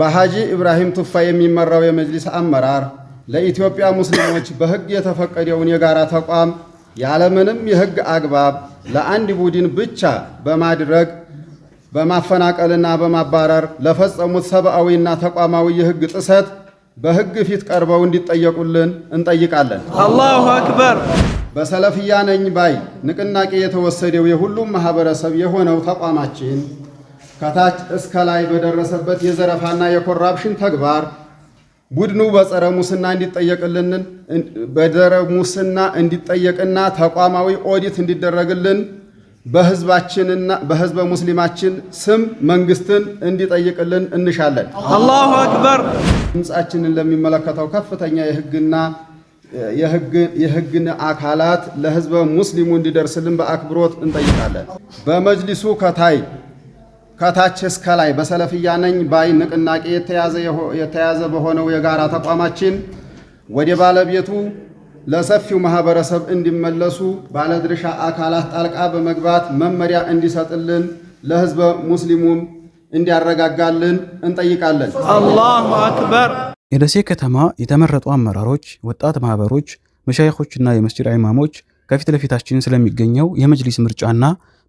በሐጂ ኢብራሂም ቱፋ የሚመራው የመጅሊስ አመራር ለኢትዮጵያ ሙስሊሞች በሕግ የተፈቀደውን የጋራ ተቋም ያለምንም የሕግ አግባብ ለአንድ ቡድን ብቻ በማድረግ በማፈናቀልና በማባረር ለፈጸሙት ሰብአዊና ተቋማዊ የሕግ ጥሰት በሕግ ፊት ቀርበው እንዲጠየቁልን እንጠይቃለን። አላሁ አክበር። በሰለፍያ ነኝ ባይ ንቅናቄ የተወሰደው የሁሉም ማህበረሰብ የሆነው ተቋማችን ከታች እስከ ላይ በደረሰበት የዘረፋና የኮራፕሽን ተግባር ቡድኑ በጸረ ሙስና እንዲጠየቅልን በደረ ሙስና እንዲጠየቅና ተቋማዊ ኦዲት እንዲደረግልን በህዝባችንና በህዝበ ሙስሊማችን ስም መንግስትን እንዲጠይቅልን እንሻለን። አላሁ አክበር። ድምፃችንን ለሚመለከተው ከፍተኛ የህግና የህግን አካላት ለህዝበ ሙስሊሙ እንዲደርስልን በአክብሮት እንጠይቃለን። በመጅሊሱ ከታይ ከታች እስከ ላይ በሰለፍያ ነኝ ባይ ንቅናቄ የተያዘ በሆነው የጋራ ተቋማችን ወደ ባለቤቱ ለሰፊው ማህበረሰብ እንዲመለሱ ባለድርሻ አካላት ጣልቃ በመግባት መመሪያ እንዲሰጥልን ለህዝበ ሙስሊሙም እንዲያረጋጋልን እንጠይቃለን። አላሁ አክበር። የደሴ ከተማ የተመረጡ አመራሮች፣ ወጣት ማህበሮች፣ መሻይኮችና የመስጅድ አይማሞች ከፊት ለፊታችን ስለሚገኘው የመጅሊስ ምርጫና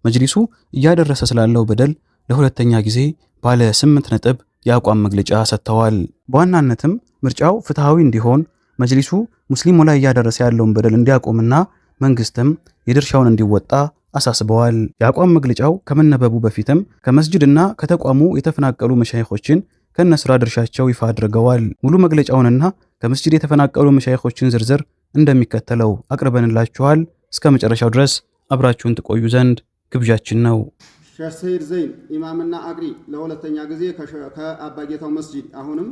መጅሊሱ እያደረሰ ስላለው በደል ለሁለተኛ ጊዜ ባለ ስምንት ነጥብ የአቋም መግለጫ ሰጥተዋል። በዋናነትም ምርጫው ፍትሐዊ እንዲሆን መጅሊሱ ሙስሊሙ ላይ እያደረሰ ያለውን በደል እንዲያቆምና መንግስትም የድርሻውን እንዲወጣ አሳስበዋል። የአቋም መግለጫው ከመነበቡ በፊትም ከመስጅድና ከተቋሙ የተፈናቀሉ መሻይኮችን ከነስራ ድርሻቸው ይፋ አድርገዋል። ሙሉ መግለጫውንና ከመስጅድ የተፈናቀሉ መሻይኮችን ዝርዝር እንደሚከተለው አቅርበንላችኋል። እስከ መጨረሻው ድረስ አብራችሁን ትቆዩ ዘንድ ግብዣችን ነው። ሸህ ሰይድ ዘይን ኢማምና አቅሪ ለሁለተኛ ጊዜ ከአባጌታው መስጂድ አሁንም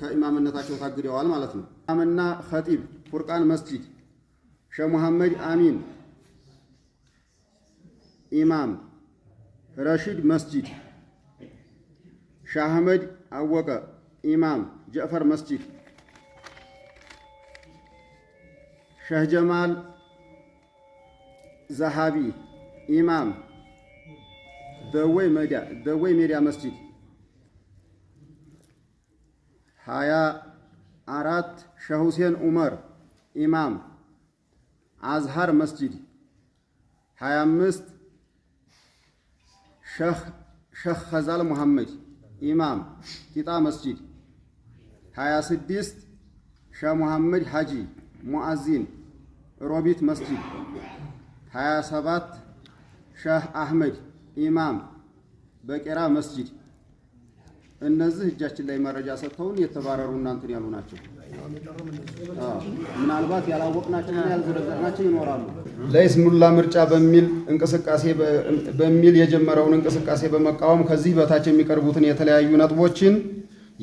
ከኢማምነታቸው ታግደዋል ማለት ነው። ኢማምና ኸጢብ ፉርቃን መስጂድ ሸህ ሙሐመድ አሚን ኢማም ረሺድ መስጂድ ሸህ አህመድ አወቀ ኢማም ጀዕፈር መስጂድ ሸህ ጀማል ዘሃቢ ኢማም በወይ ሜዳ በወይ ሜዳ መስጂድ ሀያ አራት ሸህ ሁሴን ዑመር ኢማም አዝሃር መስጂድ ሀያ አምስት ሸህ ኸዛል ሙሐመድ ኢማም ቂጣ መስጂድ ሀያ ስድስት ሸህ ሙሐመድ ሐጂ ሙአዚን ሮቢት መስጂድ ሀያ ሰባት ሸህ አህመድ ኢማም በቄራ መስጂድ እነዚህ እጃችን ላይ መረጃ ሰጥተውን የተባረሩ እናንትን ያሉ ናቸው። ምናልባት ያላወቅናቸውና ያልዘረዘርናቸው ይኖራሉ። ለይስሙላ ምርጫ በሚል እንቅስቃሴ በሚል የጀመረውን እንቅስቃሴ በመቃወም ከዚህ በታች የሚቀርቡትን የተለያዩ ነጥቦችን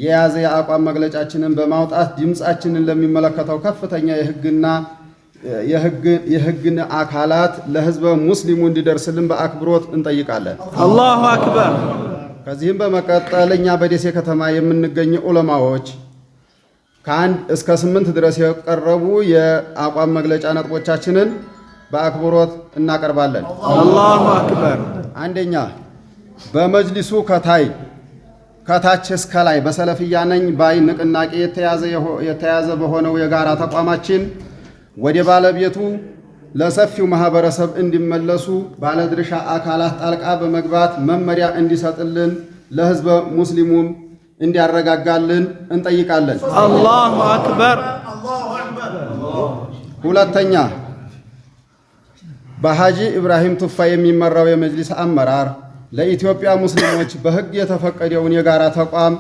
የያዘ የአቋም መግለጫችንን በማውጣት ድምፃችንን ለሚመለከተው ከፍተኛ የህግና የህግን አካላት ለህዝበ ሙስሊሙ እንዲደርስልን በአክብሮት እንጠይቃለን። አላሁ አክበር። ከዚህም በመቀጠል እኛ በደሴ ከተማ የምንገኝ ዑለማዎች ከአንድ እስከ ስምንት ድረስ የቀረቡ የአቋም መግለጫ ነጥቦቻችንን በአክብሮት እናቀርባለን። አላሁ አክበር። አንደኛ በመጅሊሱ ከታይ ከታች እስከ ላይ በሰለፍያ ነኝ ባይ ንቅናቄ የተያዘ በሆነው የጋራ ተቋማችን ወደ ባለቤቱ ለሰፊው ማህበረሰብ እንዲመለሱ ባለድርሻ አካላት ጣልቃ በመግባት መመሪያ እንዲሰጥልን ለህዝበ ሙስሊሙም እንዲያረጋጋልን እንጠይቃለን። አላሁ አክበር። ሁለተኛ በሐጂ ኢብራሂም ቱፋ የሚመራው የመጅሊስ አመራር ለኢትዮጵያ ሙስሊሞች በህግ የተፈቀደውን የጋራ ተቋም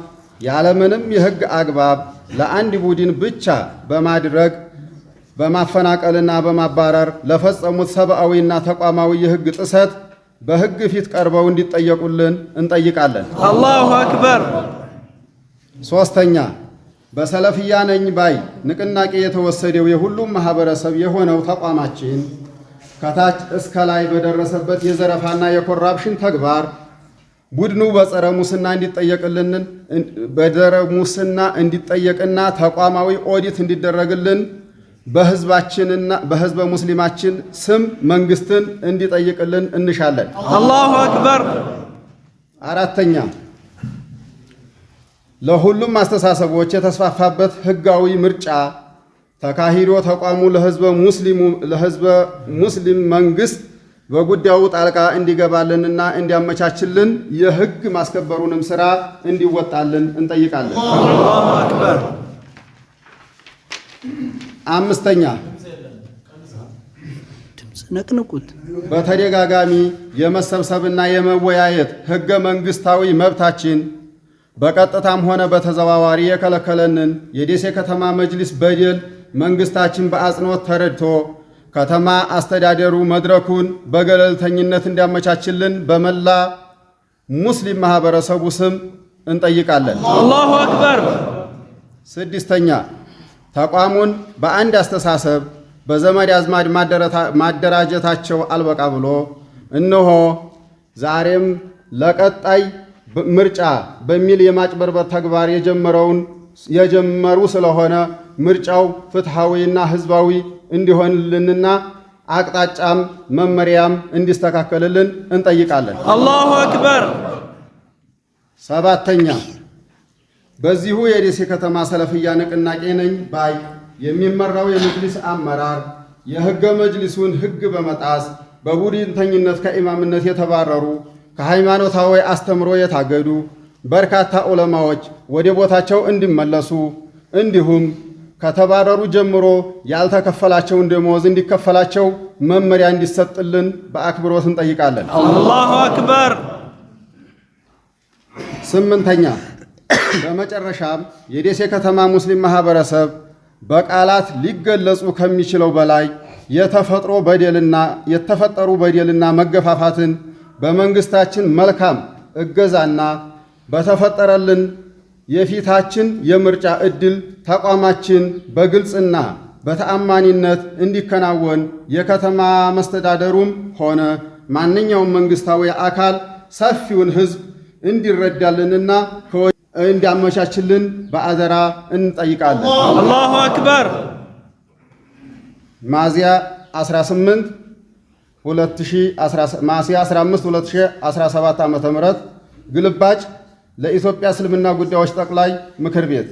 ያለምንም የህግ አግባብ ለአንድ ቡድን ብቻ በማድረግ በማፈናቀልና በማባረር ለፈጸሙት ሰብአዊና ተቋማዊ የህግ ጥሰት በህግ ፊት ቀርበው እንዲጠየቁልን እንጠይቃለን። አላሁ አክበር። ሶስተኛ በሰለፍያ ነኝ ባይ ንቅናቄ የተወሰደው የሁሉም ማህበረሰብ የሆነው ተቋማችን ከታች እስከ ላይ በደረሰበት የዘረፋና የኮራፕሽን ተግባር ቡድኑ በጸረ ሙስና እንዲጠየቅልንን በደረ ሙስና እንዲጠየቅና ተቋማዊ ኦዲት እንዲደረግልን በህዝባችንና በህዝበ ሙስሊማችን ስም መንግስትን እንዲጠይቅልን እንሻለን። አላሁ አክበር። አራተኛ ለሁሉም አስተሳሰቦች የተስፋፋበት ህጋዊ ምርጫ ተካሂዶ ተቋሙ ለህዝበ ሙስሊም መንግስት በጉዳዩ ጣልቃ እንዲገባልንና እንዲያመቻችልን የህግ ማስከበሩንም ስራ እንዲወጣልን እንጠይቃለን። አላሁ አክበር። አምስተኛ ነቅንቁት በተደጋጋሚ የመሰብሰብና የመወያየት ህገ መንግስታዊ መብታችን በቀጥታም ሆነ በተዘዋዋሪ የከለከለንን የደሴ ከተማ መጅሊስ በደል መንግስታችን በአጽንኦት ተረድቶ ከተማ አስተዳደሩ መድረኩን በገለልተኝነት እንዲያመቻችልን በመላ ሙስሊም ማህበረሰቡ ስም እንጠይቃለን። አላሁ አክበር። ስድስተኛ ተቋሙን በአንድ አስተሳሰብ በዘመድ አዝማድ ማደራጀታቸው አልበቃ ብሎ እነሆ ዛሬም ለቀጣይ ምርጫ በሚል የማጭበርበር ተግባር የጀመረውን የጀመሩ ስለሆነ ምርጫው ፍትሐዊና ህዝባዊ እንዲሆንልንና አቅጣጫም መመሪያም እንዲስተካከልልን እንጠይቃለን። አላሁ አክበር። ሰባተኛ በዚሁ የደሴ ከተማ ሰለፍያ ንቅናቄ ነኝ ባይ የሚመራው የመጅሊስ አመራር የህገ መጅሊሱን ህግ በመጣስ በቡድንተኝነት ከኢማምነት የተባረሩ ከሃይማኖታዊ አስተምሮ የታገዱ በርካታ ዑለማዎች ወደ ቦታቸው እንዲመለሱ እንዲሁም ከተባረሩ ጀምሮ ያልተከፈላቸውን ደመወዝ እንዲከፈላቸው መመሪያ እንዲሰጥልን በአክብሮት እንጠይቃለን። አላሁ አክበር። ስምንተኛ በመጨረሻም የደሴ ከተማ ሙስሊም ማህበረሰብ በቃላት ሊገለጹ ከሚችለው በላይ የተፈጥሮ በደልና የተፈጠሩ በደልና መገፋፋትን በመንግስታችን መልካም እገዛና በተፈጠረልን የፊታችን የምርጫ ዕድል ተቋማችን በግልጽና በተአማኒነት እንዲከናወን የከተማ መስተዳደሩም ሆነ ማንኛውም መንግስታዊ አካል ሰፊውን ህዝብ እንዲረዳልንና እንዲያመቻችልን በአደራ እንጠይቃለን። አላሁ አክበር። ማዚያ 18 ሚያዝያ 15 2017 ዓ.ም ግልባጭ ለኢትዮጵያ እስልምና ጉዳዮች ጠቅላይ ምክር ቤት፣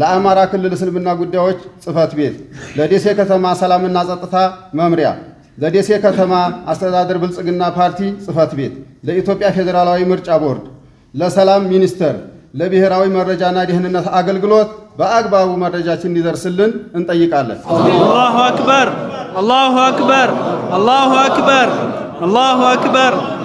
ለአማራ ክልል እስልምና ጉዳዮች ጽህፈት ቤት፣ ለደሴ ከተማ ሰላምና ጸጥታ መምሪያ ለደሴ ከተማ አስተዳደር ብልጽግና ፓርቲ ጽፈት ቤት፣ ለኢትዮጵያ ፌዴራላዊ ምርጫ ቦርድ፣ ለሰላም ሚኒስቴር ለብሔራዊ መረጃና ደህንነት አገልግሎት በአግባቡ መረጃችን እንዲደርስልን እንጠይቃለን። አላሁ አክበር፣ አላሁ አክበር፣ አላሁ አክበር፣ አላሁ አክበር